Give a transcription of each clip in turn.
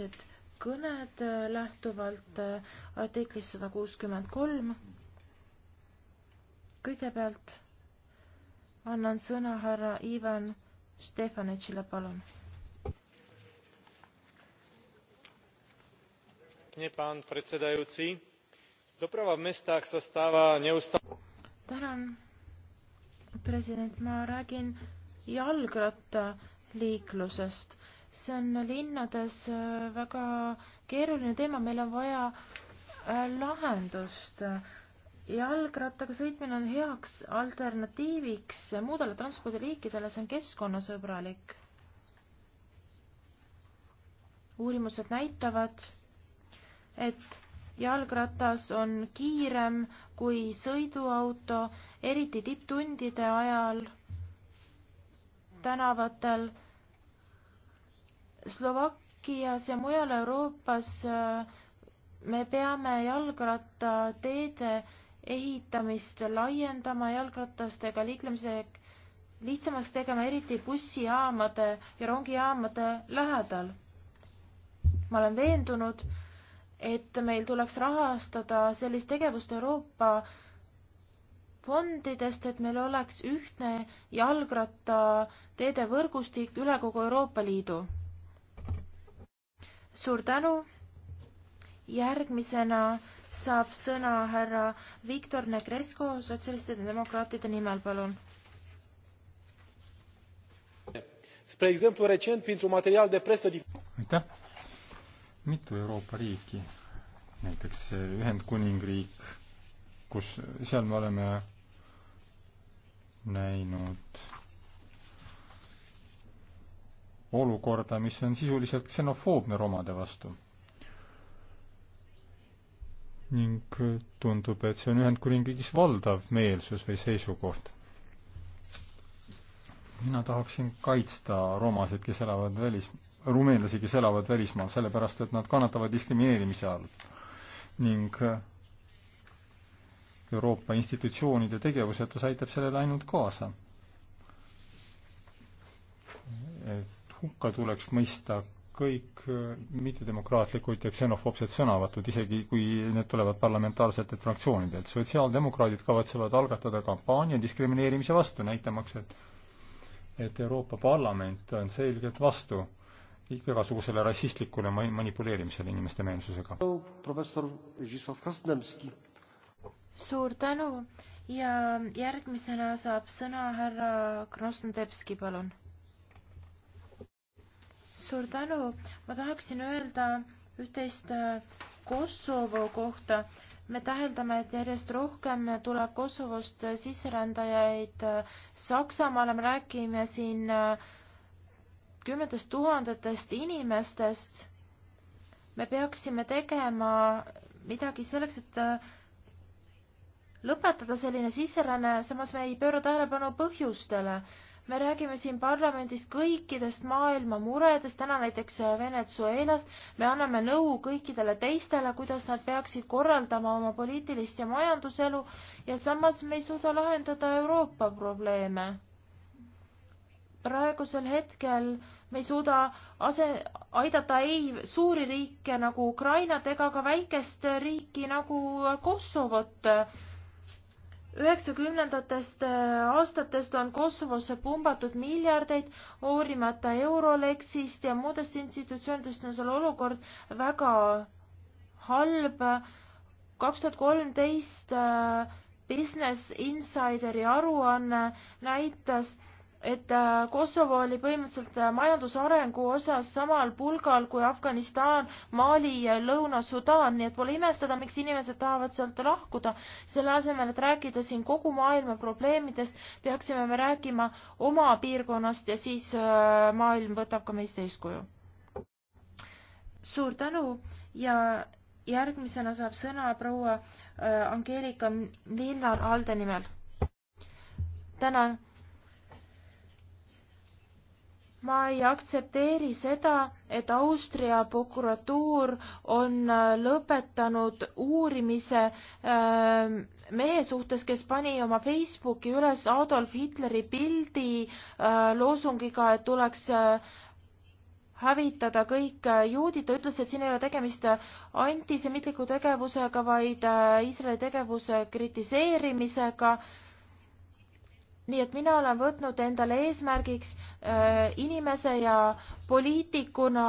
fraktsioonidevahelised kõned äh, lähtuvalt äh, artiklist sada kuuskümmend kolm. kõigepealt annan sõna härra Ivan Stefanitšile, palun. pán predsedajúci doprava v mestách sa stáva neustále tänan president ma räägin jalgrattaliiklusest see on linnades äh, väga keeruline teema, meil on vaja äh, lahendust. jalgrattaga sõitmine on heaks alternatiiviks muudele transpordiliikidele, see on keskkonnasõbralik. uurimused näitavad, et jalgratas on kiirem kui sõiduauto, eriti tipptundide ajal tänavatel Slovakkias ja mujal Euroopas äh, me peame jalgrattateede ehitamist laiendama, jalgratastega liiklemise lihtsamaks tegema, eriti bussijaamade ja rongijaamade lähedal. ma olen veendunud, et meil tuleks rahastada sellist tegevust Euroopa fondidest, et meil oleks ühtne jalgrattateede võrgustik üle kogu Euroopa Liidu suur tänu. järgmisena saab sõna härra Viktor Negresko sotsialistide demokraatide nimel, palun. aitäh. mitu Euroopa riiki, näiteks Ühendkuningriik, kus, seal me oleme näinud olukorda, mis on sisuliselt ksenofoobne romade vastu. ning tundub, et see on Ühendkuningriigis valdav meelsus või seisukoht. mina tahaksin kaitsta romasid, kes elavad välis, rumeenlasi, kes elavad välismaal, sellepärast et nad kannatavad diskrimineerimise all. ning Euroopa institutsioonide tegevusetus aitab sellele ainult kaasa. et hukka tuleks mõista kõik äh, mittedemokraatlikud ja ksenofoobsed sõnavõtud, isegi kui need tulevad parlamentaarsetelt fraktsioonidelt. sotsiaaldemokraadid kavatsevad algatada kampaania diskrimineerimise vastu, näitamaks, et et Euroopa Parlament on selgelt vastu igasugusele rassistlikule manipuleerimisele inimeste meelsusega. professor Žižov Krasnõmski. suur tänu ja järgmisena saab sõna härra Krasnodebski, palun suur tänu, ma tahaksin öelda üht-teist äh, Kosovo kohta. me täheldame, et järjest rohkem tuleb Kosovost sisserändajaid äh, Saksamaale, me räägime siin äh, kümnetest tuhandetest inimestest. me peaksime tegema midagi selleks, et lõpetada selline sisseränne, samas me ei pööra tähelepanu põhjustele me räägime siin parlamendis kõikidest maailma muredest, täna näiteks äh, Venezuelast, me anname nõu kõikidele teistele, kuidas nad peaksid korraldama oma poliitilist ja majanduselu ja samas me ei suuda lahendada Euroopa probleeme. praegusel hetkel me ei suuda ase, aidata ei suuri riike nagu Ukrainat ega ka väikest riiki nagu äh, Kosovot üheksakümnendatest äh, aastatest on Kosovosse pumbatud miljardeid, hoolimata Euroleksist ja muudest institutsioonidest on seal olukord väga halb. kaks tuhat kolmteist äh, Business Insideri aruanne näitas, et äh, Kosovo oli põhimõtteliselt äh, majandusarengu osas samal pulgal kui Afganistan, Mali ja Lõuna-Sudaan, nii et pole imestada, miks inimesed tahavad sealt lahkuda. selle asemel, et rääkida siin kogu maailma probleemidest, peaksime me rääkima oma piirkonnast ja siis äh, maailm võtab ka meist eeskuju. suur tänu ja järgmisena saab sõna proua Angeelika Linnar Alde nimel. tänan ma ei aktsepteeri seda, et Austria prokuratuur on äh, lõpetanud uurimise ähm, mehe suhtes, kes pani oma Facebooki üles Adolf Hitleri pildi äh, loosungiga, et tuleks äh, hävitada kõik juudid, ta ütles, et siin ei ole tegemist antisemitliku tegevusega, vaid Iisraeli tegevuse kritiseerimisega nii et mina olen võtnud endale eesmärgiks äh, inimese ja poliitikuna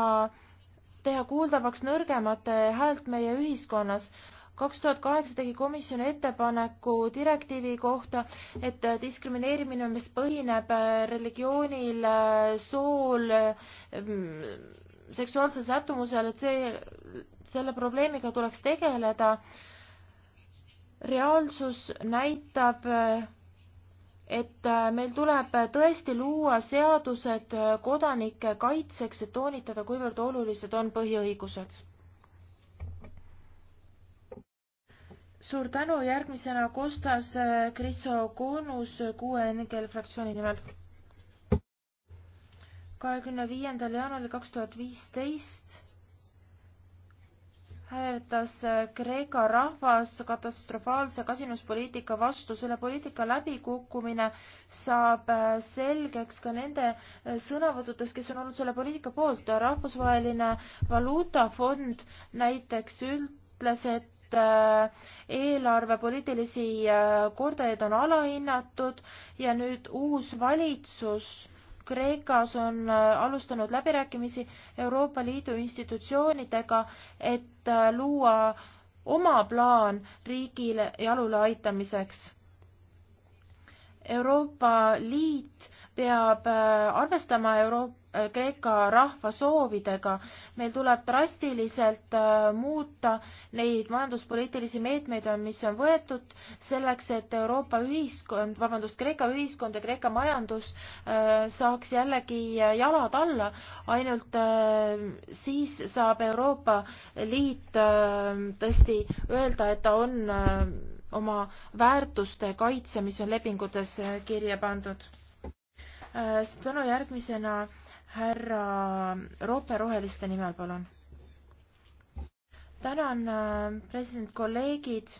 teha kuuldavaks nõrgemate häält meie ühiskonnas. kaks tuhat kaheksa tegi komisjon ettepaneku direktiivi kohta, et diskrimineerimine, mis põhineb äh, religioonil, äh, sool, mm, seksuaalsel sättumusel, et see, selle probleemiga tuleks tegeleda. reaalsus näitab äh, et äh, meil tuleb tõesti luua seadused äh, kodanike kaitseks, et toonitada, kuivõrd olulised on põhiõigused. suur tänu, järgmisena Kostas äh, Krisokoonus QNGL fraktsiooni nimel. kahekümne viiendal jaanuaril kaks tuhat viisteist hääletas äh, Kreeka rahvas katastrofaalse kasinuspoliitika vastu. selle poliitika läbikukkumine saab äh, selgeks ka nende äh, sõnavõtutes, kes on olnud selle poliitika poolt. rahvusvaheline valuutafond näiteks ütles, et eelarve poliitilisi kordajaid on alahinnatud ja nüüd uus valitsus Kreekas on äh, alustanud läbirääkimisi Euroopa Liidu institutsioonidega, et äh, luua oma plaan riigile jalule aitamiseks. Euroopa Liit peab äh, arvestama Euroopa äh, Kreeka rahva soovidega. meil tuleb drastiliselt äh, muuta neid majanduspoliitilisi meetmeid, mis on võetud selleks, et Euroopa ühiskond, vabandust, Kreeka ühiskond ja Kreeka majandus saaks jällegi jalad alla. ainult siis saab Euroopa Liit tõesti öelda, et ta on oma väärtuste kaitse, mis on lepingutes kirja pandud Äh, suur tänu, järgmisena härra Roope Roheliste nimel, palun. tänan, äh, president, kolleegid.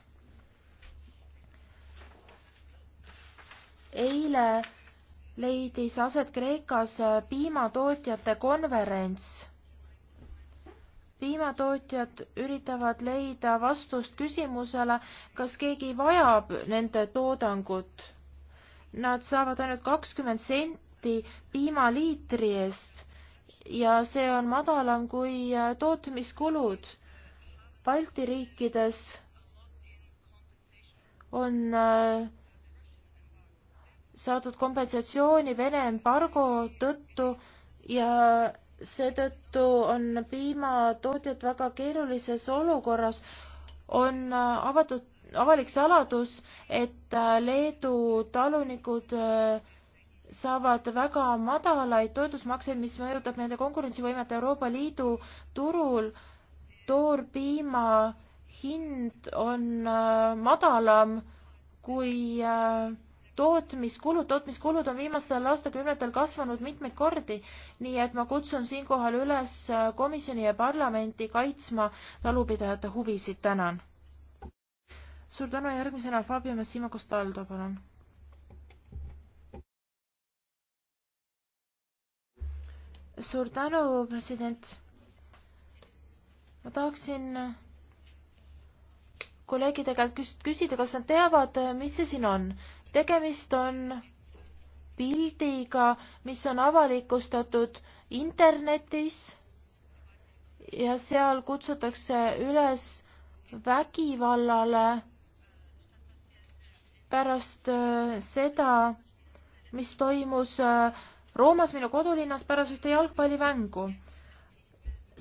eile leidis aset Kreekas äh, piimatootjate konverents. piimatootjad üritavad leida vastust küsimusele, kas keegi vajab nende toodangut nad saavad ainult kakskümmend senti piimaliitri eest ja see on madalam kui äh, tootmiskulud. Balti riikides on äh, saadud kompensatsiooni Vene embargo tõttu ja seetõttu on piimatootjad väga keerulises olukorras, on äh, avatud avalik saladus, et äh, Leedu talunikud äh, saavad väga madalaid toetusmakseid, mis mõjutab nende konkurentsivõimet Euroopa Liidu turul. toorpiima hind on äh, madalam kui tootmiskulud, tootmiskulud on viimastel aastakümnetel kasvanud mitmeid kordi, nii et ma kutsun siinkohal üles komisjoni ja parlamenti kaitsma talupidajate huvisid, tänan suur tänu, järgmisena Fabio Massimo Costaldo, palun. suur tänu, president. ma tahaksin kolleegide käest küsida, kas nad teavad, mis see siin on. tegemist on pildiga, mis on avalikustatud internetis ja seal kutsutakse üles vägivallale pärast äh, seda, mis toimus äh, Roomas, minu kodulinnas, pärast ühte jalgpallimängu.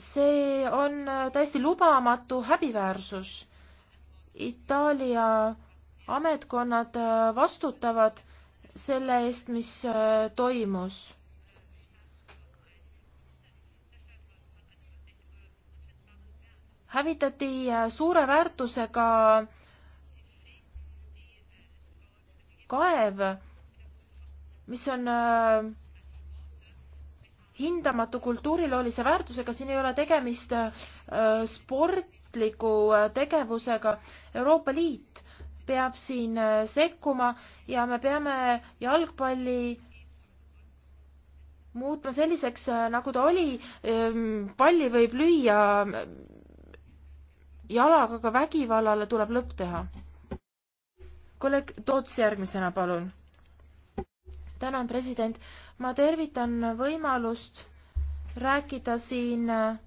see on äh, täiesti lubamatu häbiväärsus. Itaalia ametkonnad vastutavad selle eest, mis toimus hävitati suure väärtusega kaev, mis on äh, hindamatu kultuuriloolise väärtusega, siin ei ole tegemist äh, sportliku äh, tegevusega. Euroopa Liit peab siin äh, sekkuma ja me peame jalgpalli muutma selliseks, äh, nagu ta oli. Ähm, palli võib lüüa, äh, jalaga ka vägivallale tuleb lõpp teha kolleeg Toots järgmisena, palun. tänan, president. ma tervitan võimalust rääkida siin äh,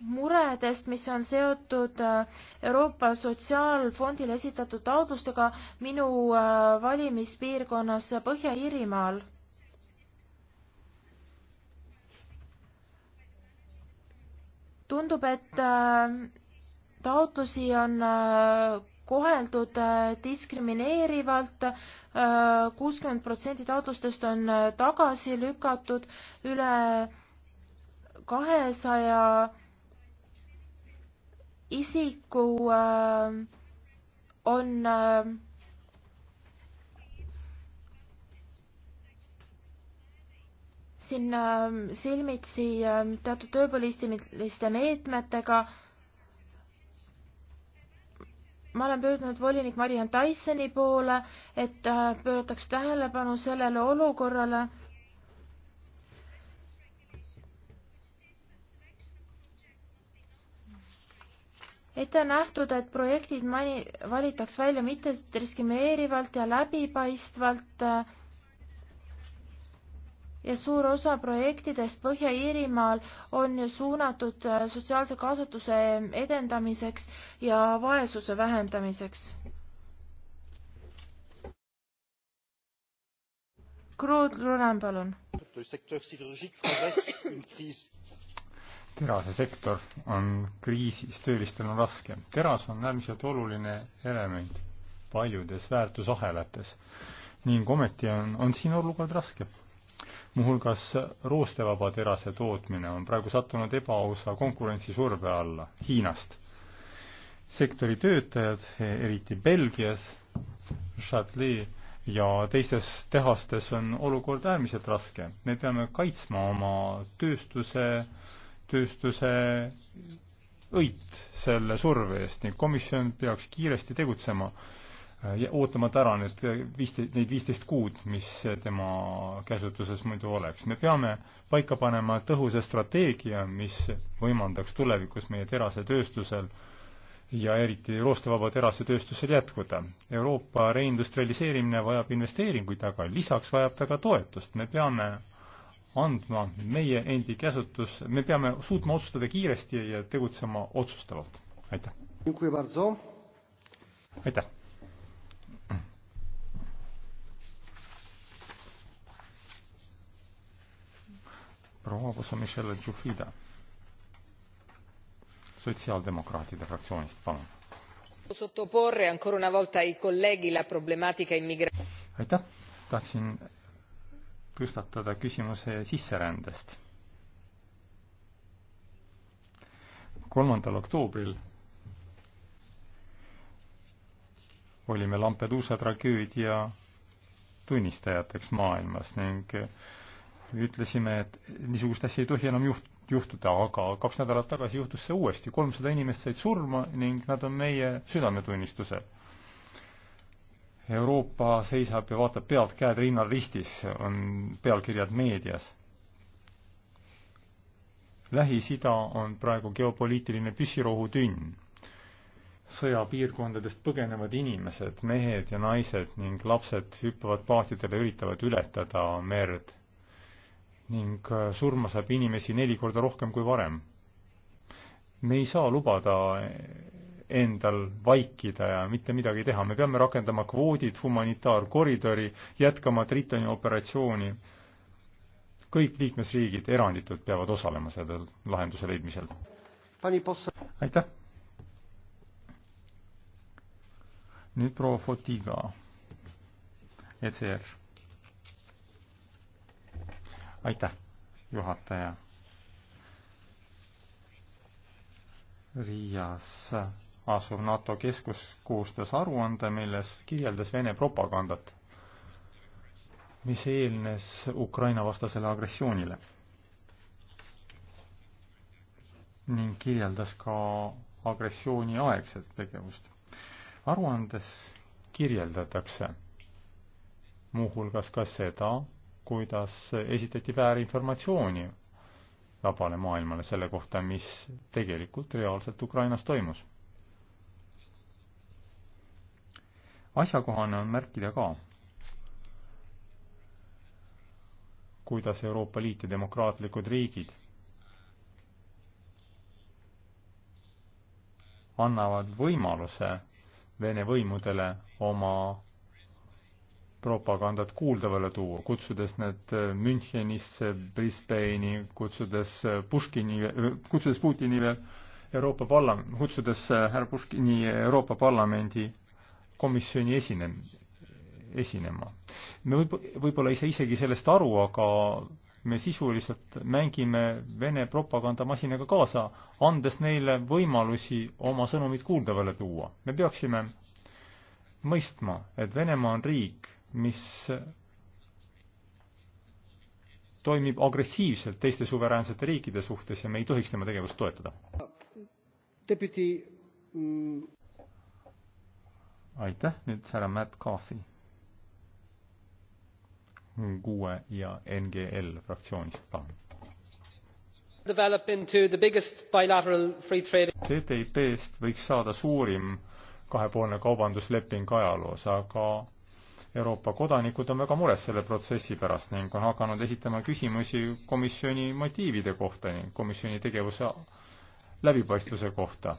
muredest, mis on seotud äh, Euroopa Sotsiaalfondile esitatud taotlustega minu äh, valimispiirkonnas Põhja-Iirimaal. tundub, et taotlusi on koheldud äh, diskrimineerivalt, äh, kuuskümmend protsenti taotlustest on äh, tagasi lükatud, üle kahesaja isiku on siin silmitsi teatud tööpoliitiliste meetmetega ma olen pöördunud volinik Marian Tysoni poole, et ta pöördaks tähelepanu sellele olukorrale, ette on nähtud, et projektid mani-, valitaks välja mittediskrimineerivalt ja läbipaistvalt äh, ja suur osa projektidest Põhja-Iirimaal on ju suunatud äh, sotsiaalse kaasatuse edendamiseks ja vaesuse vähendamiseks. Kruut Lulen, palun. terasesektor on kriisis, töölistel on raske. teras on äärmiselt oluline element paljudes väärtusahelates ning ometi on, on siin olukord raske muuhulgas roostevaba terase tootmine on praegu sattunud ebaausa konkurentsisurve alla Hiinast. sektori töötajad, eriti Belgias, Châtelet ja teistes tehastes on olukord äärmiselt raske. me peame kaitsma oma tööstuse, tööstuse õit selle surve eest ning komisjon peaks kiiresti tegutsema Äh, ootamata ära need viisteist, neid viisteist kuud, mis tema käsutuses muidu oleks. me peame paika panema tõhusa strateegia, mis võimaldaks tulevikus meie terasetööstusel ja eriti roostevaba terasetööstusel jätkuda. Euroopa reindustrialiseerimine vajab investeeringuid, aga lisaks vajab ta ka toetust. me peame andma meie endi käsutus, me peame suutma otsustada kiiresti ja tegutsema otsustavalt. aitäh! aitäh! proua Kosa Michelle Džufrida sotsiaaldemokraatide fraktsioonist, palun. aitäh, tahtsin tõstatada küsimuse sisserändest. kolmandal oktoobril olime Lampeduusa tragöödia tunnistajateks maailmas ning ütlesime, et niisugust asja ei tohi enam juht-, juhtuda, aga kaks nädalat tagasi juhtus see uuesti, kolmsada inimest said surma ning nad on meie südametunnistusel. Euroopa seisab ja vaatab pealt, käed rinnal ristis, on pealkirjad meedias Lähis-Ida on praegu geopoliitiline püssirohutünn. sõjapiirkondadest põgenevad inimesed, mehed ja naised ning lapsed hüppavad paatidele, üritavad ületada merd ning äh, surma saab inimesi neli korda rohkem kui varem. me ei saa lubada äh, endal vaikida ja mitte midagi teha, me peame rakendama kvoodid, humanitaarkoridori, jätkama Tritoni operatsiooni. kõik liikmesriigid eranditult peavad osalema sellel lahenduse leidmisel. aitäh! nüüd proua Fotiga, ECR aitäh, juhataja. Riias asuv NATO keskus koostas aruande, milles kirjeldas Vene propagandat, mis eelnes Ukraina vastasele agressioonile ning kirjeldas ka agressiooni aegset tegevust. aruandes kirjeldatakse muuhulgas ka seda, kuidas esitati väärinformatsiooni vabale maailmale selle kohta, mis tegelikult reaalselt Ukrainas toimus. asjakohane on märkida ka, kuidas Euroopa Liit ja demokraatlikud riigid annavad võimaluse Vene võimudele oma propagandat kuuldavale tuua, kutsudes need äh, Münchenisse, Brisbane'i, kutsudes äh, Puškini, äh, kutsudes Putini veel Euroopa parlam-, kutsudes härra Puškini Euroopa Parlamendi komisjoni esine-, esinema. me võib, võib-olla ei saa isegi sellest aru, aga me sisuliselt mängime Vene propagandamasinaga kaasa, andes neile võimalusi oma sõnumit kuuldavale tuua. me peaksime mõistma, et Venemaa on riik, mis toimib agressiivselt teiste suveräänsete riikide suhtes ja me ei tohiks tema tegevust toetada. Deputy mm, aitäh, nüüd härra Matt Coffey. kuue ja NGL fraktsioonist, palun. TTIP-st võiks saada suurim kahepoolne kaubandusleping ajaloos, aga Euroopa kodanikud on väga mures selle protsessi pärast ning on hakanud esitama küsimusi komisjoni motiivide kohta ning komisjoni tegevuse läbipaistvuse kohta.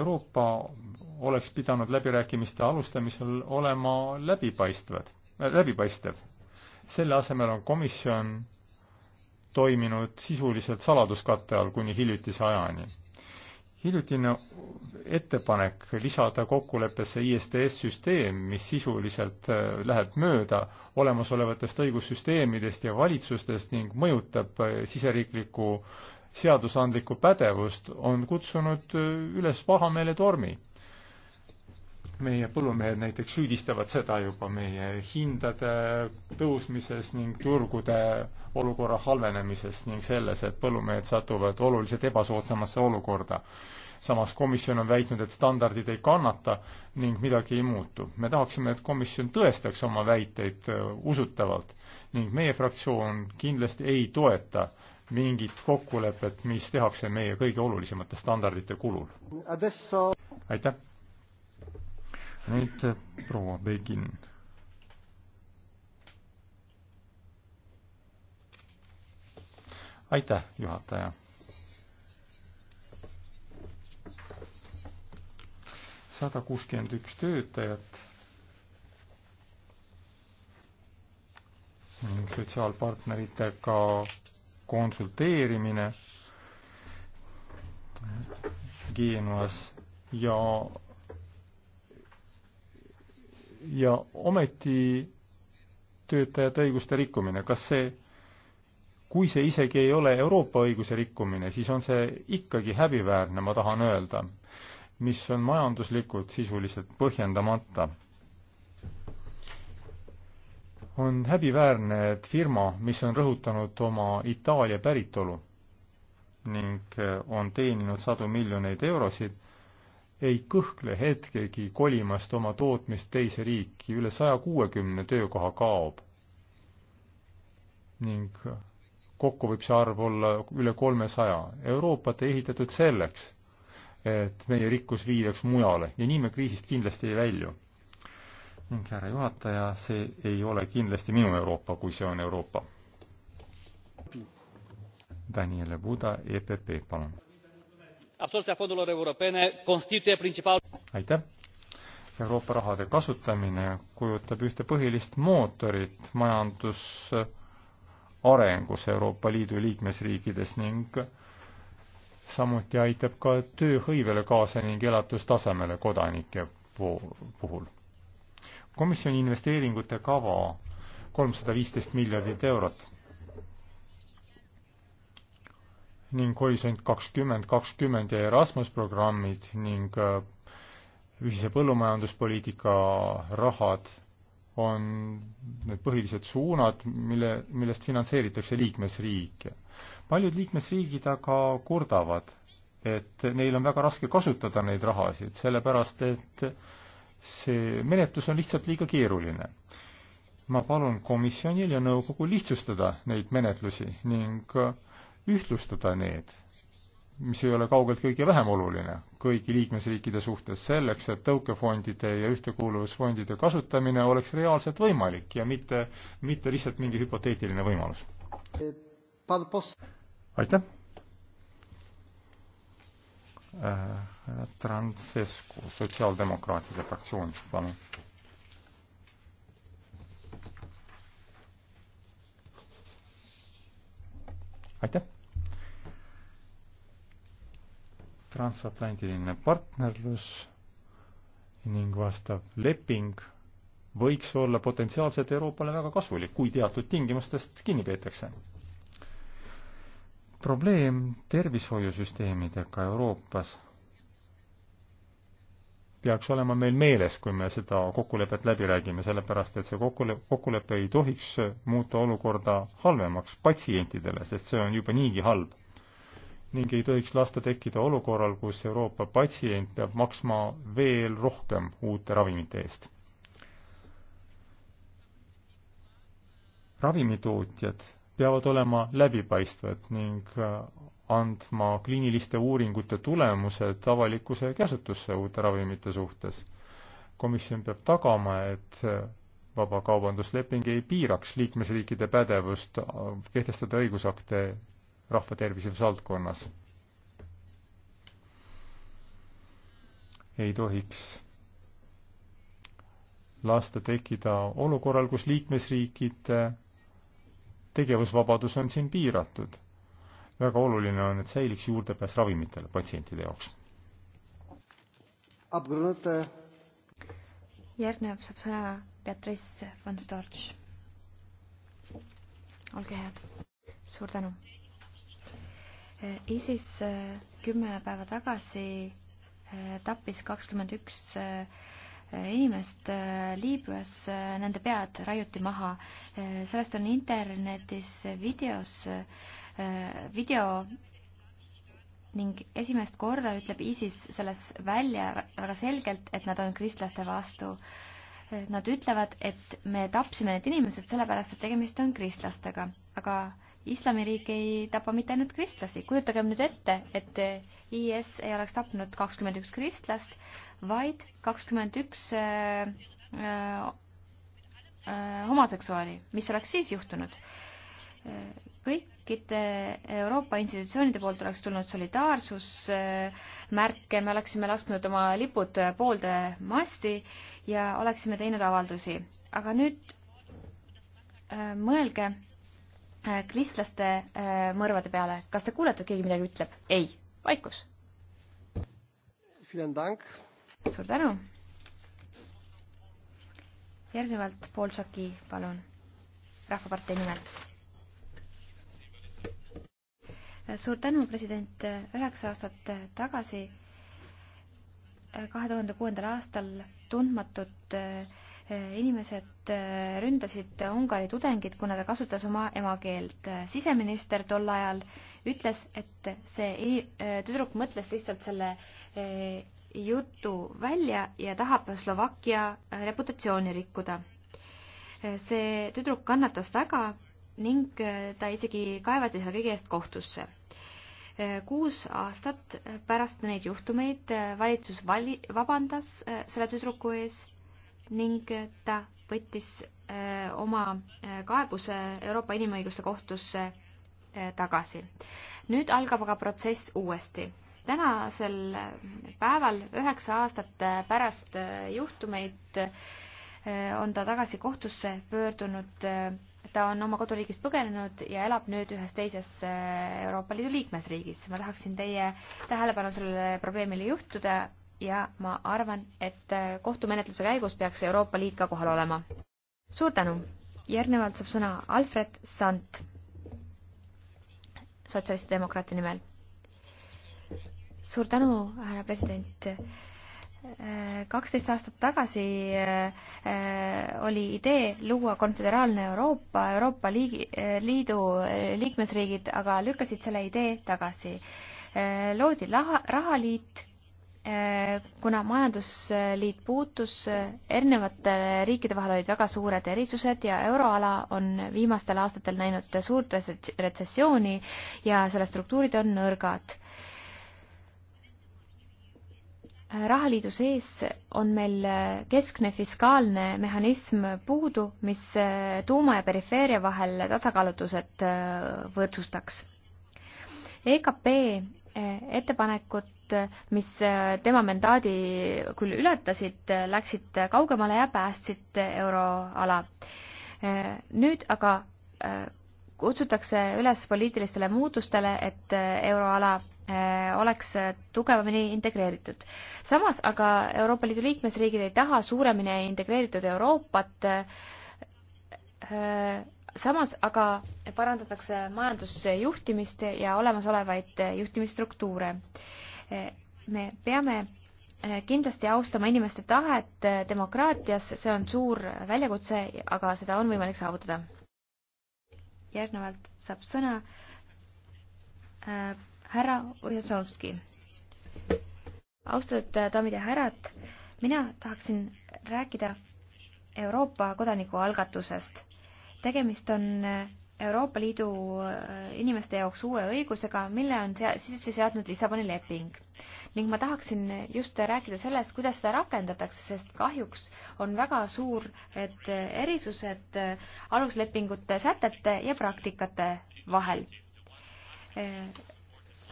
Euroopa oleks pidanud läbirääkimiste alustamisel olema läbipaistvad, äh, läbipaistev. selle asemel on komisjon toiminud sisuliselt saladuskatte all kuni hiljutise ajani hiljutine ettepanek lisada kokkuleppesse ISTS-süsteem, mis sisuliselt äh, läheb mööda olemasolevatest õigussüsteemidest ja valitsustest ning mõjutab äh, siseriiklikku seadusandlikku pädevust, on kutsunud äh, üles vahameeletormi meie põllumehed näiteks süüdistavad seda juba meie hindade tõusmises ning turgude olukorra halvenemises ning selles, et põllumehed satuvad oluliselt ebasoodsamasse olukorda. samas komisjon on väitnud, et standardid ei kannata ning midagi ei muutu. me tahaksime, et komisjon tõestaks oma väiteid äh, usutavalt ning meie fraktsioon kindlasti ei toeta mingit kokkulepet, mis tehakse meie kõige olulisemate standardite kulul. aitäh! nüüd äh, proua Begin. aitäh, juhataja. sada kuuskümmend üks töötajat ning sotsiaalpartneritega konsulteerimine Genuas ja ja ometi töötajate õiguste rikkumine, kas see, kui see isegi ei ole Euroopa õiguse rikkumine, siis on see ikkagi häbiväärne, ma tahan öelda, mis on majanduslikult sisuliselt põhjendamata. on häbiväärne, et firma, mis on rõhutanud oma Itaalia päritolu ning eh, on teeninud sadu miljoneid eurosid, ei kõhkle hetkegi kolimast oma tootmist teise riiki, üle saja kuuekümne töökoha kaob. ning kokku võib see arv olla üle kolmesaja. Euroopat ei ehitatud selleks, et meie rikkus viidaks mujale ja nii me kriisist kindlasti ei välju. ning härra juhataja, see ei ole kindlasti minu Euroopa, kui see on Euroopa. Daniele Buda, EPP, palun absorbția fondurilor europene constituie principalul aitäh! Euroopa rahade kasutamine kujutab ühte põhilist mootorit majandusarengus Euroopa Liidu liikmesriikides ning samuti aitab ka tööhõivele kaasa ning elatustasemele kodanike puhul. komisjoni investeeringute kava kolmsada viisteist miljardit eurot ning Horisont kakskümmend kakskümmend ja Erasmus programmid ning äh, ühise põllumajanduspoliitika rahad on need põhilised suunad, mille, millest finantseeritakse liikmesriike. paljud liikmesriigid aga kurdavad, et neil on väga raske kasutada neid rahasid, sellepärast et see menetlus on lihtsalt liiga keeruline ma palun komisjonil ja nõukogul lihtsustada neid menetlusi ning äh, ühtlustada need, mis ei ole kaugelt kõige vähem oluline kõigi liikmesriikide suhtes, selleks et tõukefondide ja ühtekuuluvusfondide kasutamine oleks reaalselt võimalik ja mitte, mitte lihtsalt mingi hüpoteetiline võimalus. aitäh! Äh, härra Transescu, Sotsiaaldemokraatide fraktsioon, palun aitäh! transatlantiline partnerlus ning vastav leping võiks olla potentsiaalselt Euroopale väga kasulik, kui teatud tingimustest kinni peetakse. probleem tervishoiusüsteemidega Euroopas peaks olema meil meeles, kui me seda kokkulepet läbi räägime, sellepärast et see kokkulepe, kokkulepe ei tohiks muuta olukorda halvemaks patsientidele, sest see on juba niigi halb. ning ei tohiks lasta tekkida olukorral, kus Euroopa patsient peab maksma veel rohkem uute ravimite eest. ravimitootjad peavad olema läbipaistvad ning andma kliiniliste uuringute tulemused avalikkuse käsutusse uute ravimite suhtes. komisjon peab tagama, et vabakaubandusleping ei piiraks liikmesriikide pädevust kehtestada õigusakte rahvatervise valdkonnas. ei tohiks lasta tekkida olukorral, kus liikmesriikide tegevusvabadus on siin piiratud väga oluline on, et säiliks juurdepääs ravimitele patsientide jaoks. järgnevalt saab sõna Beatrice von Storch. olge head. suur tänu. Eh, ISIS eh, kümme päeva tagasi eh, tappis kakskümmend üks inimest Liibüas, nende pead raiuti maha. sellest on internetis videos Äh, video ning esimest korda ütleb ISIS selles välja väga selgelt, et nad on kristlaste vastu. Nad ütlevad, et me tapsime need inimesed sellepärast, et tegemist on kristlastega, aga islamiriik ei tapa mitte ainult kristlasi. kujutagem nüüd ette, et IS ei oleks tapnud kakskümmend üks kristlast, vaid kakskümmend üks äh, äh, homoseksuaali. mis oleks siis juhtunud? kõik kõikide Euroopa institutsioonide poolt oleks tulnud solidaarsusmärke, me oleksime lasknud oma lipud poolde masti ja oleksime teinud avaldusi. aga nüüd äh, mõelge äh, kristlaste äh, mõrvade peale. kas te kuulete, et keegi midagi ütleb? ei, vaikus. suur tänu. järgnevalt Paul Šaki, palun, Rahvapartei nimel suur tänu, president, üheksa aastat tagasi, eh, kahe tuhande kuuendal aastal tundmatud eh, inimesed eh, ründasid Ungari tudengid, kuna ta kasutas oma emakeelt. siseminister tol ajal ütles, et see tüdruk mõtles lihtsalt selle jutu välja ja tahab Slovakkia reputatsiooni rikkuda. see tüdruk kannatas väga ning ta isegi kaevati selle kõige eest kohtusse kuus aastat pärast neid juhtumeid eh, valitsus vali-, vabandas eh, selle tüdruku ees ning eh, ta võttis oma kaebuse Euroopa Inimõiguste Kohtusse tagasi. nüüd algab aga protsess uuesti. tänasel päeval, üheksa aastat pärast juhtumeid, on ta tagasi kohtusse pöördunud ta on oma koduriigist põgenenud ja elab nüüd ühes teises äh, Euroopa Liidu liikmesriigis. ma tahaksin teie tähelepanu sellele probleemile juhtuda ja ma arvan, et äh, kohtumenetluse käigus peaks Euroopa Liit ka kohal olema. suur tänu. järgnevalt saab sõna Alfred Sant sotsialistide demokraatia nimel. suur tänu, härra president kaksteist aastat tagasi äh, oli idee luua konföderaalne Euroopa, Euroopa liigi, äh, Liidu äh, liikmesriigid aga lükkasid selle idee tagasi. loodi laha, rahaliit, kuna majandusliit puutus, erinevate riikide vahel olid väga suured erisused ja euroala on viimastel aastatel näinud suurt retsessiooni ja selle struktuurid on nõrgad rahaliidu sees on meil keskne fiskaalne mehhanism puudu, mis äh, tuuma ja perifeeria vahel tasakaalutused äh, võrdsustaks. EKP äh, ettepanekud, mis tema mandaadi küll ületasid, läksid kaugemale ja päästsid euroala. nüüd aga kutsutakse üles poliitilistele muutustele, et euroala Äh, oleks tugevamini integreeritud. samas aga Euroopa Liidu liikmesriigid ei taha suuremini integreeritud Euroopat, äh, samas aga parandatakse majandusjuhtimist ja olemasolevaid juhtimisstruktuure. Äh, me peame kindlasti austama inimeste tahet demokraatias, see on suur väljakutse, aga seda on võimalik saavutada. järgnevalt saab sõna äh, härra Ojasovski. austatud daamid ja härrad, mina tahaksin rääkida Euroopa kodanikualgatusest. tegemist on Euroopa Liidu äh, inimeste jaoks uue õigusega, mille on sisse seadnud Lissaboni leping. ning ma tahaksin just rääkida sellest, kuidas seda rakendatakse, sest kahjuks on väga suur, et äh, erisused äh, aluslepingute sätete ja praktikate vahel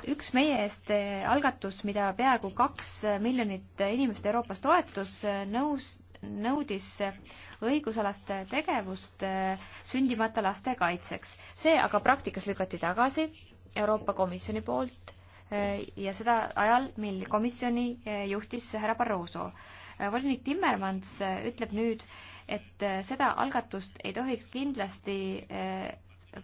üks meie eest eh, algatus, mida peaaegu kaks miljonit inimest Euroopas toetus, eh, nõus, nõudis eh, õigusalast tegevust sündimata laste kaitseks. see aga praktikas lükati tagasi Euroopa Komisjoni poolt ja seda ajal, mil komisjoni juhtis härra Barroso. volinik Timmermans ütleb nüüd, et seda algatust ei tohiks kindlasti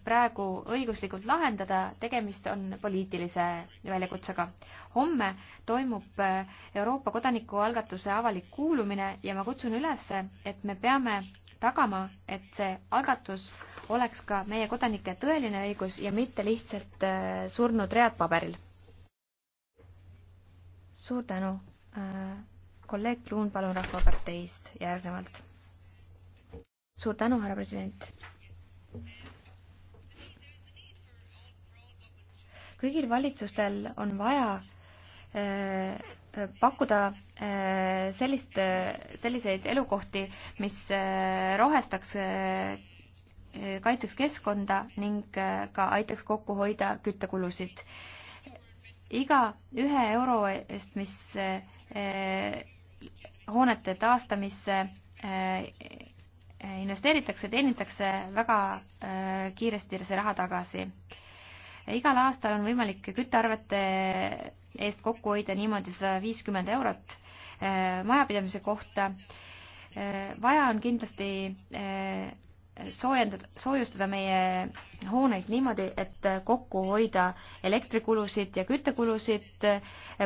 praegu õiguslikult lahendada, tegemist on poliitilise väljakutsega. homme toimub äh, Euroopa kodanikualgatuse avalik kuulumine ja ma kutsun üles, et me peame tagama, et see algatus oleks ka meie kodanike tõeline õigus ja mitte lihtsalt äh, surnud read paberil. suur tänu. Äh, kolleeg Kluun, palun Rahvaparteist järgnevalt. suur tänu, härra president. kõigil valitsustel on vaja äh, pakkuda äh, sellist, äh, selliseid elukohti, mis rohestaks, kaitseks keskkonda ning ka aitaks kokku hoida küttekulusid. iga ühe euro eest, mis hoonete taastamisse investeeritakse, teenitakse väga kiiresti see raha tagasi igal aastal on võimalik küttearvete eest kokku hoida niimoodi sada viiskümmend eurot äh, majapidamise kohta. Äh, vaja on kindlasti äh, soojendada, soojustada meie hooneid niimoodi, et kokku hoida elektrikulusid ja küttekulusid.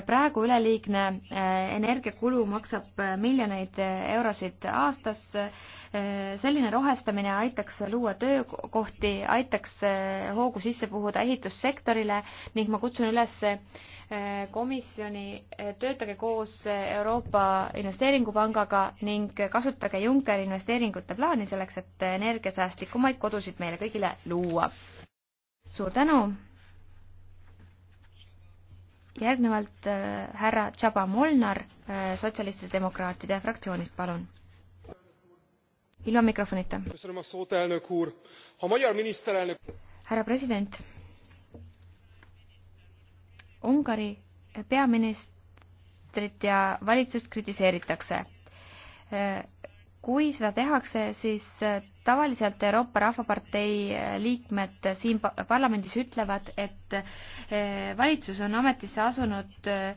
praegu üleliigne äh, energiakulu maksab äh, miljoneid äh, eurosid aastas. selline rohestamine aitaks luua töökohti, aitaks hoogu sisse puhuda ehitussektorile ning ma kutsun üles komisjoni, töötage koos Euroopa Investeeringupangaga ning kasutage Junckeri investeeringute plaani selleks, et energiasäästlikumaid kodusid meile kõigile luua jõuab. suur tänu. järgnevalt äh, härra Tšaba Molnar äh, Sotsialistide Demokraatide fraktsioonist, palun. ilma mikrofonita. härra president. Ungari peaministrit ja valitsust kritiseeritakse. Äh, kui seda tehakse, siis äh, tavaliselt Euroopa Rahvapartei liikmed siin parlamendis ütlevad, et eh, valitsus on ametisse asunud eh,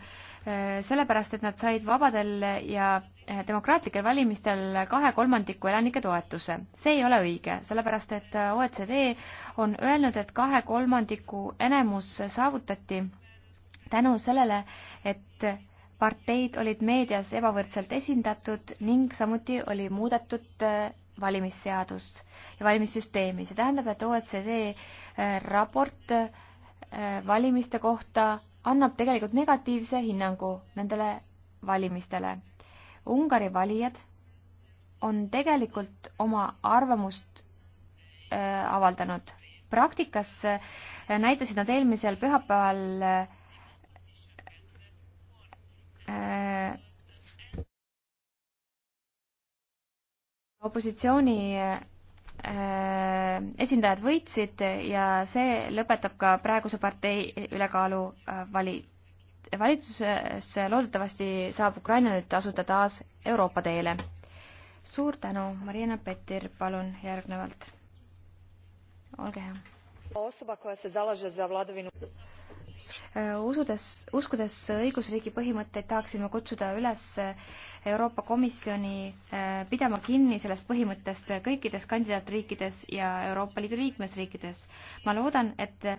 sellepärast, et nad said vabadel ja eh, demokraatlikel valimistel kahe kolmandiku elanike toetuse. see ei ole õige, sellepärast et OECD on öelnud, et kahe kolmandiku enamus saavutati tänu sellele, et parteid olid meedias ebavõrdselt esindatud ning samuti oli muudetud valimisseadust ja valimissüsteemi. see tähendab, et OECD äh, raport äh, valimiste kohta annab tegelikult negatiivse hinnangu nendele valimistele. Ungari valijad on tegelikult oma arvamust äh, avaldanud. praktikas näitasid nad eelmisel pühapäeval opositsiooni äh, esindajad võitsid ja see lõpetab ka praeguse partei ülekaalu äh, vali-, valitsuses. loodetavasti saab Ukraina nüüd asuda taas Euroopa teele. suur tänu, Marina Petir, palun järgnevalt. olge hea. Äh, usudes, uskudes õigusriigi põhimõtteid, tahaksime kutsuda üles äh, Euroopa Komisjoni äh, pidama kinni sellest põhimõttest kõikides kandidaatriikides ja Euroopa Liidu liikmesriikides. ma loodan, et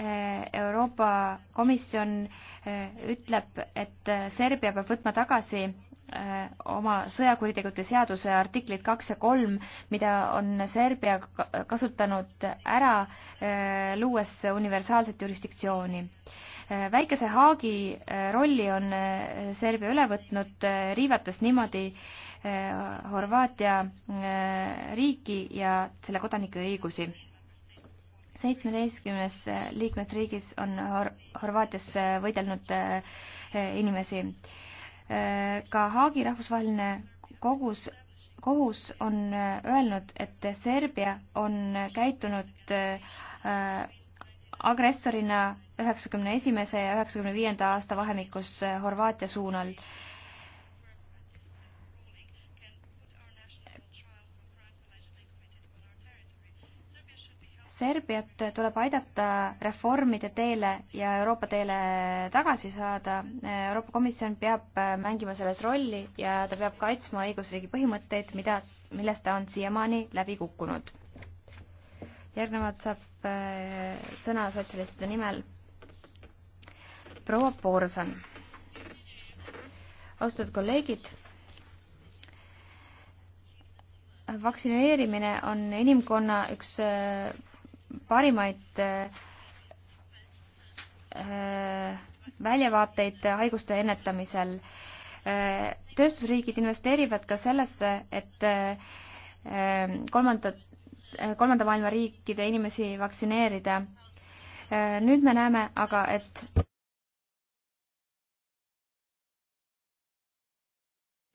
Euroopa Komisjon ütleb, et Serbia peab võtma tagasi Äh, oma sõjakuritegude seaduse artiklid kaks ja kolm, mida on Serbia kasutanud ära, äh, luues universaalset jurisdiktsiooni. Äh, väikese Haagi rolli on Serbia üle võtnud, riivates niimoodi Horvaatia riiki ja selle kodanike õigusi seitsmeteistkümnes liikmesriigis on Hor-, Horvaatias võidelnud inimesi ka Haagi rahvusvaheline kogus, kohus on äh, öelnud, et Serbia on käitunud äh, agressorina üheksakümne esimese ja üheksakümne viienda aasta vahemikus äh, Horvaatia suunal Serbiat tuleb aidata reformide teele ja Euroopa teele tagasi saada. Euroopa Komisjon peab mängima selles rolli ja ta peab kaitsma õigusriigi põhimõtteid, mida, millest ta on siiamaani läbi kukkunud. järgnevalt saab äh, sõna sotsialistide nimel proua Poorson. austatud kolleegid vaktsineerimine on inimkonna üks äh, parimaid äh, väljavaateid haiguste ennetamisel. Äh, tööstusriigid investeerivad ka sellesse, et äh, kolmandat, kolmanda maailma riikide inimesi vaktsineerida. nüüd me näeme aga, et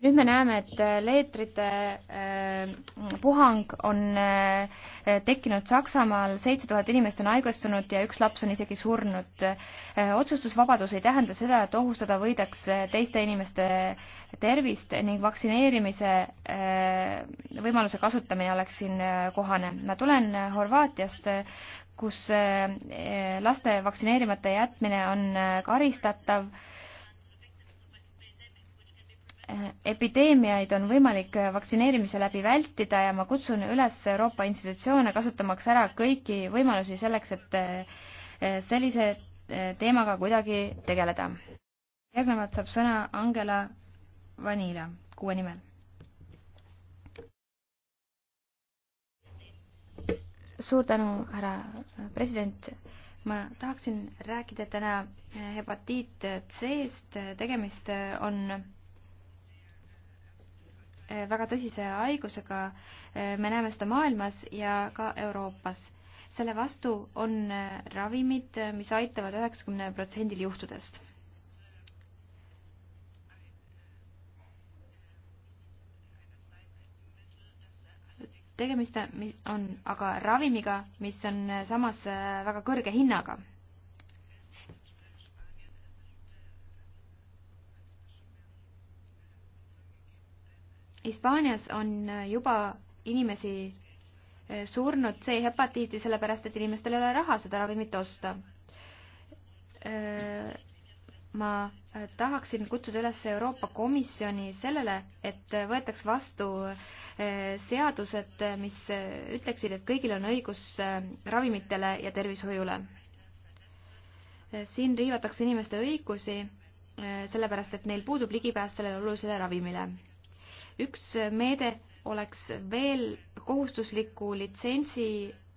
nüüd me näeme, et äh, leetrite äh, puhang on äh, tekkinud Saksamaal, seitse tuhat inimest on haigestunud ja üks laps on isegi surnud. otsustusvabadus ei tähenda seda, et ohustada võidakse teiste inimeste tervist ning vaktsineerimise võimaluse kasutamine oleks siin kohane. ma tulen Horvaatiast, kus laste vaktsineerimata jätmine on karistatav ka epideemiaid on võimalik vaktsineerimise läbi vältida ja ma kutsun üles Euroopa institutsioone kasutamaks ära kõiki võimalusi selleks, et eh, sellise eh, teemaga kuidagi tegeleda. järgnevalt saab sõna Angela Vanila kuue nimel. suur tänu, härra president ma tahaksin rääkida täna hepatiit C-st, tegemist on Eh, väga tõsise haigusega, eh, me näeme seda maailmas ja ka Euroopas. selle vastu on eh, ravimid, mis aitavad üheksakümne protsendil juhtudest. tegemist on aga ravimiga, mis on samas väga kõrge hinnaga Hispaanias on äh, juba inimesi äh, surnud C-hepatiiti, sellepärast et inimestel ei ole raha seda ravimit osta. Äh, ma tahaksin kutsuda üles Euroopa Komisjoni sellele, et võetaks vastu seadused, mis ütleksid, et kõigil on õigus ravimitele ja tervishoiule. siin riivatakse inimeste õigusi, sellepärast et neil puudub ligipääs sellele olulisele ravimile üks meede oleks veel kohustusliku litsentsi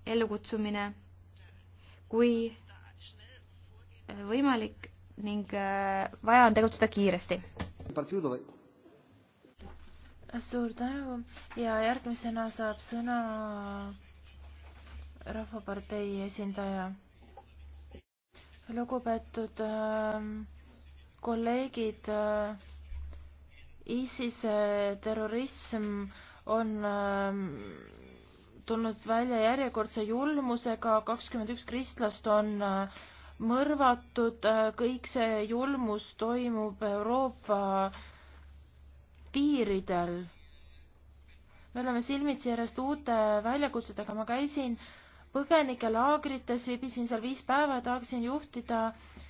ellukutsumine, kui võimalik ning äh, vaja on tegutseda kiiresti. suur tänu ja järgmisena saab sõna Rahvapartei esindaja. lugupeetud äh, kolleegid äh,, ISISe terrorism on ähm, tulnud välja järjekordse julmusega, kakskümmend üks kristlast on äh, mõrvatud, äh, kõik see julmus toimub Euroopa piiridel. me oleme silmitsi järjest uute väljakutsetega, ma käisin põgenikelaagrites, viibisin seal viis päeva ja tahaksin juhtida äh,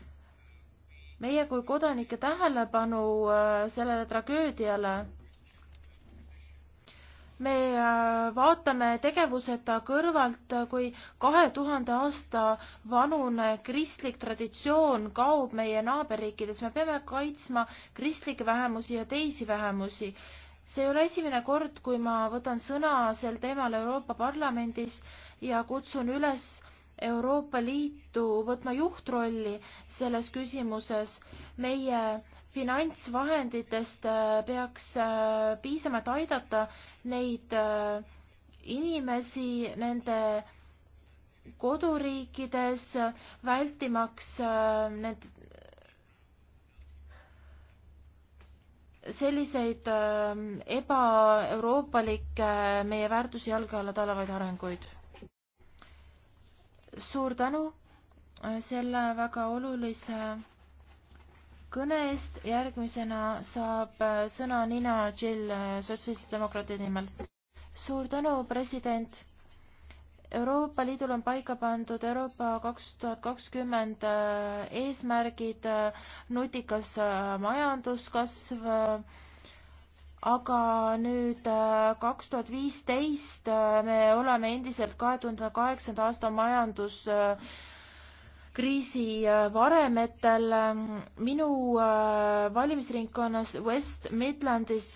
meie kui kodanike tähelepanu äh, sellele tragöödiale. me äh, vaatame tegevuseta kõrvalt, äh, kui kahe tuhande aasta vanune kristlik traditsioon kaob meie naaberriikides, me peame kaitsma kristlikke vähemusi ja teisi vähemusi see ei ole esimene kord, kui ma võtan sõna sel teemal Euroopa Parlamendis ja kutsun üles Euroopa Liitu võtma juhtrolli selles küsimuses. meie finantsvahenditest äh, peaks äh, piisama, et aidata neid äh, inimesi nende koduriikides, vältimaks need selliseid ebaeuroopalikke meie väärtusi jalge alla talavaid arenguid suur tänu äh, selle väga olulise kõne eest. järgmisena saab äh, sõna Nina Jill äh, sotsialistdemokraatide nimel. suur tänu, president. Euroopa Liidul on paika pandud Euroopa kaks tuhat kakskümmend eesmärgid, nutikas majanduskasv aga nüüd äh, kaks tuhat viisteist äh, me oleme endiselt kahe tuhande kaheksanda aasta majandus äh, kriisi varemetel. minu valimisringkonnas West Midlandis,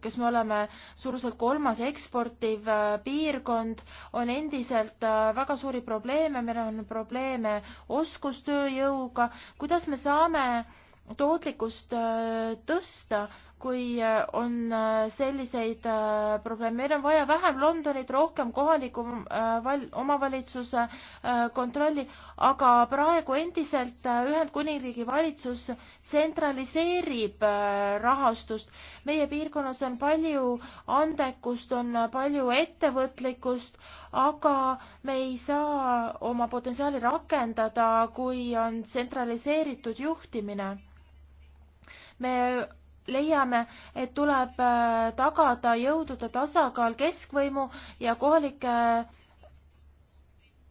kes me oleme suuruselt kolmas eksportiv piirkond, on endiselt väga suuri probleeme, meil on probleeme oskustööjõuga, kuidas me saame tootlikkust tõsta, kui äh, on äh, selliseid äh, probleeme. meil on vaja vähem Londonit, rohkem kohaliku omavalitsuse kontrolli, aga praegu endiselt Ühendkuningriigi valitsus tsentraliseerib rahastust. meie piirkonnas on palju andekust, on palju ettevõtlikkust, aga me ei saa oma potentsiaali rakendada, kui on tsentraliseeritud juhtimine me leiame, et tuleb äh, tagada jõudude tasakaal keskvõimu ja kohalike äh,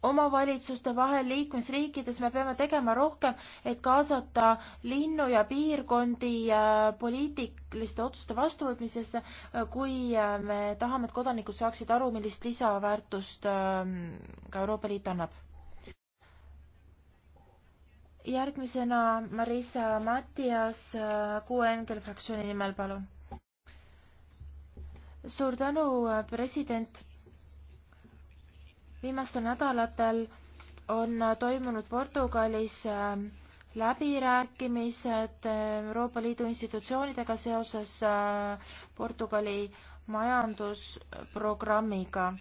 omavalitsuste vahel liikmesriikides me peame tegema rohkem, et kaasata linnu ja piirkondi äh, poliitiliste otsuste vastuvõtmisesse, kui me tahame, et kodanikud saaksid aru, millist lisaväärtust ähm, ka Euroopa Liit annab järgmisena Marisa Matias QNGL äh, fraktsiooni nimel, palun. suur tänu, äh, president. viimastel nädalatel on äh, toimunud Portugalis läbirääkimised Euroopa Liidu institutsioonidega seoses Portugali majandusprogrammiga.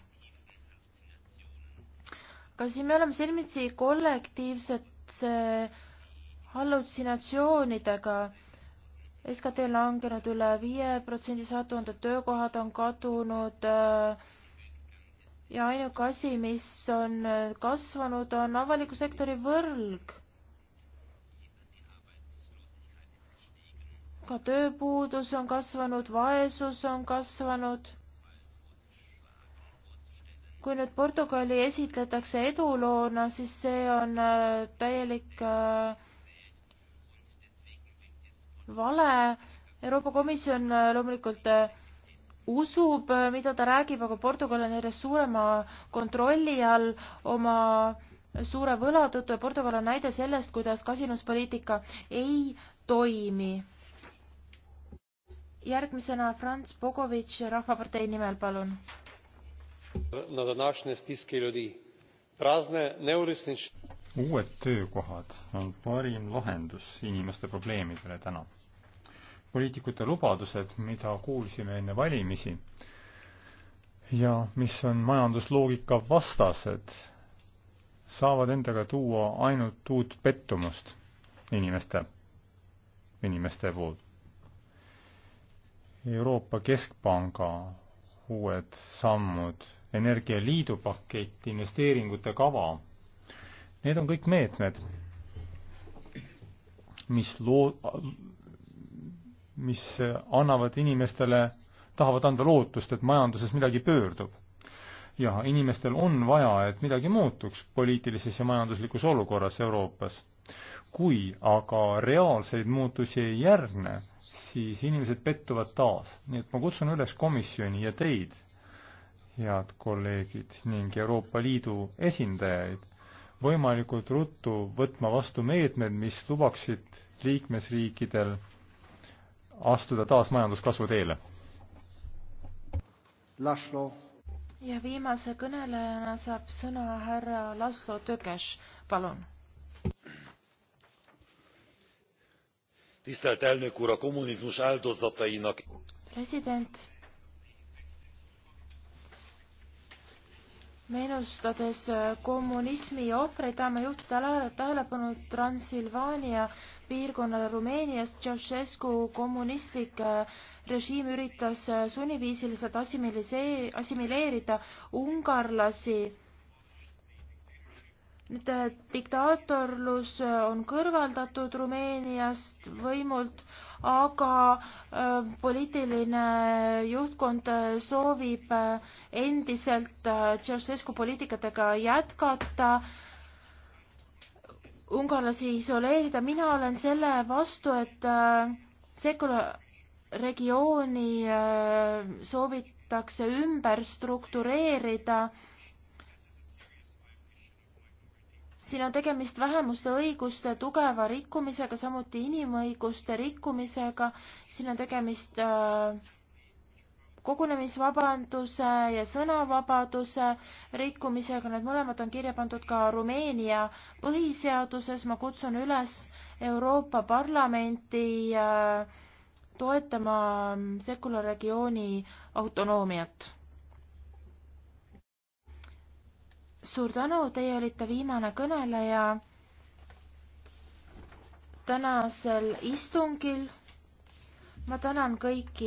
kas siin me oleme silmitsi kollektiivset hallutsinatsioonidega. SKT langenud üle viie protsendi, sada tuhandet töökohad on kadunud äh, ja ainuke asi, mis on äh, kasvanud, on avaliku sektori võlg. ka tööpuudus on kasvanud, vaesus on kasvanud kui nüüd Portugali esitletakse eduloona, siis see on äh, täielik äh, vale. Euroopa Komisjon äh, loomulikult usub, mida ta räägib, aga Portugal on järjest suurema kontrolli all oma suure võla tõttu ja Portugal on näide sellest, kuidas kasinuspoliitika ei toimi. järgmisena Franz Bogovic Rahvapartei nimel, palun na današnje stiske ljudi. prazne neuresničene. uued töökohad on parim lahendus inimeste probleemidele täna. poliitikute lubadused, mida kuulsime enne valimisi ja mis on majandusloogika vastased, saavad endaga tuua ainult uut pettumust inimeste, inimeste poolt. Euroopa Keskpanga uued sammud energialiidu pakett, investeeringute kava. Need on kõik meetmed, mis loo-, mis annavad inimestele, tahavad anda lootust, et majanduses midagi pöördub. ja inimestel on vaja, et midagi muutuks poliitilises ja majanduslikus olukorras Euroopas. kui aga reaalseid muutusi ei järgne, siis inimesed pettuvad taas. nii et ma kutsun üles komisjoni ja teid head kolleegid ning Euroopa Liidu esindajaid võimalikult ruttu võtma vastu meetmed, mis lubaksid liikmesriikidel astuda taas majanduskasvu teele. Laslo. ja viimase kõnelejana saab sõna härra Laslo Tökes, palun. tisztelt elnök úr, a kommunizmus áldozatainak president meenustades äh, kommunismi ohvreid tahame juhtida tähelepanu Transilvaania piirkonnale Rumeenias. Ceausescu kommunistlik äh, režiim üritas äh, sunniviisiliselt assimileerida ungarlasi nüüd äh, diktaatorlus äh, on kõrvaldatud Rumeeniast võimult, aga äh, poliitiline juhtkond soovib endiselt Ceausescu poliitikatega jätkata, ungarlasi isoleerida, mina olen selle vastu, et Sekula regiooni soovitakse ümber struktureerida siin on tegemist vähemuste õiguste tugeva rikkumisega, samuti inimõiguste rikkumisega, siin on tegemist äh, kogunemisvabanduse ja sõnavabaduse rikkumisega, need mõlemad on kirja pandud ka Rumeenia põhiseaduses, ma kutsun üles Euroopa Parlamenti äh, toetama sekularegiooni autonoomiat suur tänu, teie olite viimane kõneleja tänasel istungil. ma tänan kõiki